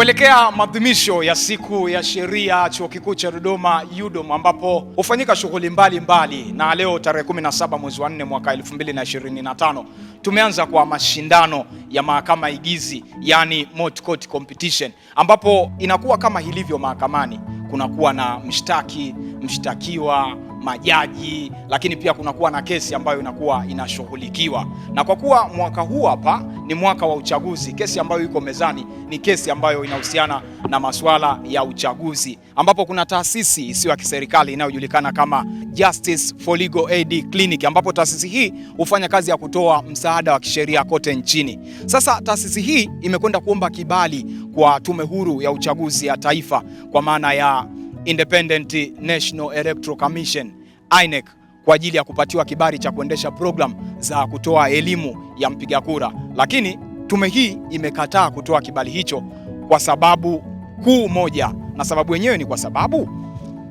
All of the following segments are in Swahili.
Kuelekea maadhimisho ya siku ya sheria chuo kikuu cha Dodoma UDOM ambapo hufanyika shughuli mbalimbali, na leo tarehe 17 mwezi wa 4 mwaka 2025 tumeanza kwa mashindano ya mahakama igizi, yani moot court competition, ambapo inakuwa kama ilivyo mahakamani, kunakuwa na mshtaki, mshtakiwa majaji, lakini pia kunakuwa na kesi ambayo inakuwa inashughulikiwa. Na kwa kuwa mwaka huu hapa ni mwaka wa uchaguzi, kesi ambayo iko mezani ni kesi ambayo inahusiana na masuala ya uchaguzi, ambapo kuna taasisi isiyo ya kiserikali inayojulikana kama Justice for Legal Aid Clinic, ambapo taasisi hii hufanya kazi ya kutoa msaada wa kisheria kote nchini. Sasa taasisi hii imekwenda kuomba kibali kwa Tume Huru ya Uchaguzi ya Taifa kwa maana ya Independent National Electoral Commission INEC kwa ajili ya kupatiwa kibali cha kuendesha programu za kutoa elimu ya mpiga kura, lakini tume hii imekataa kutoa kibali hicho kwa sababu kuu moja, na sababu yenyewe ni kwa sababu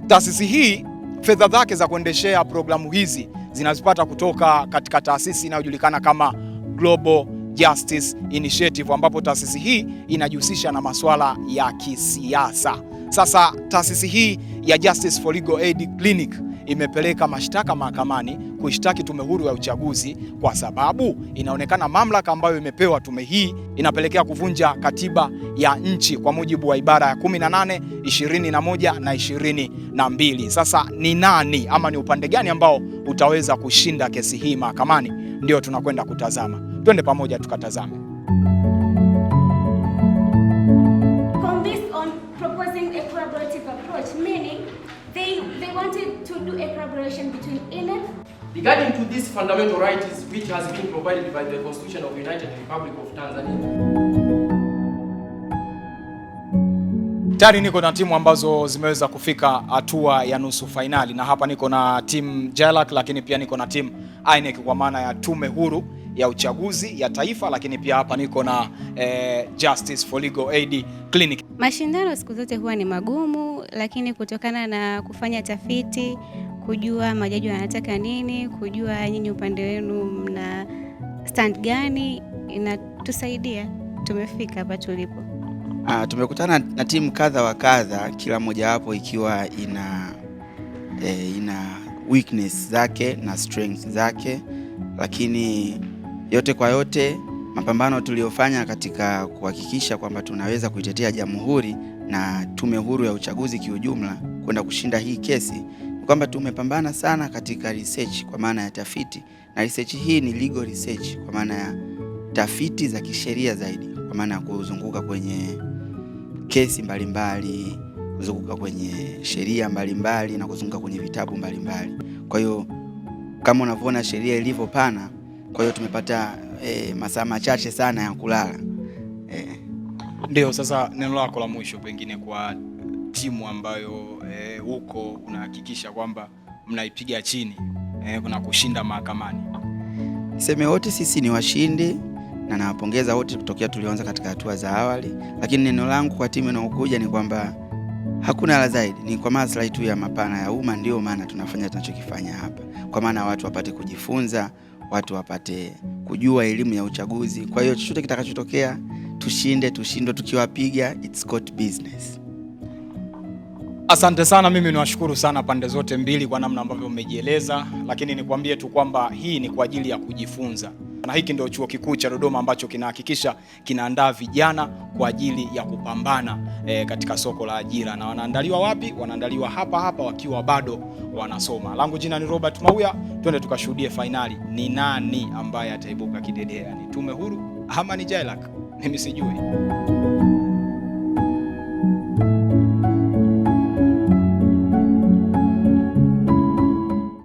taasisi hii fedha zake za kuendeshea programu hizi zinazipata kutoka katika taasisi inayojulikana kama Global Justice Initiative, ambapo taasisi hii inajihusisha na masuala ya kisiasa. Sasa taasisi hii ya Justice for Legal Aid Clinic imepeleka mashtaka mahakamani kushtaki Tume Huru ya Uchaguzi kwa sababu inaonekana mamlaka ambayo imepewa tume hii inapelekea kuvunja katiba ya nchi kwa mujibu wa ibara ya 18, 21 na 22. Sasa ni nani ama ni upande gani ambao utaweza kushinda kesi hii mahakamani? Ndio tunakwenda kutazama. Twende pamoja tukatazame. do a collaboration between ILEF. Regarding to these fundamental rights which has been provided by the Constitution of the United Republic of Tanzania. Tayari niko na timu ambazo zimeweza kufika hatua ya nusu fainali na hapa niko na timu jelak lakini pia niko na timu INEC kwa maana ya Tume Huru ya uchaguzi ya taifa, lakini pia hapa niko na eh, Justice for Legal Aid Clinic. Mashindano siku zote huwa ni magumu, lakini kutokana na kufanya tafiti, kujua majaji wanataka nini, kujua nyinyi upande wenu mna stand gani, inatusaidia tumefika hapa tulipo. Ah, tumekutana na timu kadha wa kadha, kila mojawapo ikiwa ina eh, ina weakness zake na strength zake, lakini yote kwa yote, mapambano tuliyofanya katika kuhakikisha kwamba tunaweza kuitetea Jamhuri na Tume Huru ya Uchaguzi kiujumla kwenda kushinda hii kesi ni kwamba tumepambana sana katika research kwa maana ya tafiti, na research hii ni legal research kwa maana ya tafiti za kisheria zaidi, kwa maana ya kuzunguka kwenye kesi mbalimbali, kuzunguka kwenye sheria mbalimbali na kuzunguka kwenye vitabu mbalimbali. Kwa hiyo kama unavyoona sheria ilivyopana kwa hiyo tumepata e, masaa machache sana ya kulala e. Ndio sasa neno lako la mwisho pengine kwa timu ambayo e, uko unahakikisha kwamba mnaipiga chini e, na kushinda mahakamani. Niseme wote sisi ni washindi na nawapongeza wote kutokea tulioanza katika hatua za awali, lakini neno langu kwa timu inayokuja ni kwamba hakuna la zaidi, ni kwa maslahi tu ya mapana ya umma. Ndio maana tunafanya tunachokifanya hapa, kwa maana watu wapate kujifunza watu wapate kujua elimu ya uchaguzi. Kwa hiyo chochote kitakachotokea, tushinde tushindwe, tukiwapiga it's court business. Asante sana. Mimi niwashukuru sana pande zote mbili kwa namna ambavyo mmejieleza, lakini nikwambie tu kwamba hii ni kwa ajili ya kujifunza na hiki ndio chuo kikuu cha Dodoma ambacho kinahakikisha kinaandaa vijana kwa ajili ya kupambana e, katika soko la ajira. Na wanaandaliwa wapi? Wanaandaliwa hapa hapa wakiwa bado wanasoma. Langu jina ni Robert Mauya, twende tukashuhudie fainali ni nani ambaye ataibuka kidedea, ni tume huru ama ni Jailak? Mimi sijui.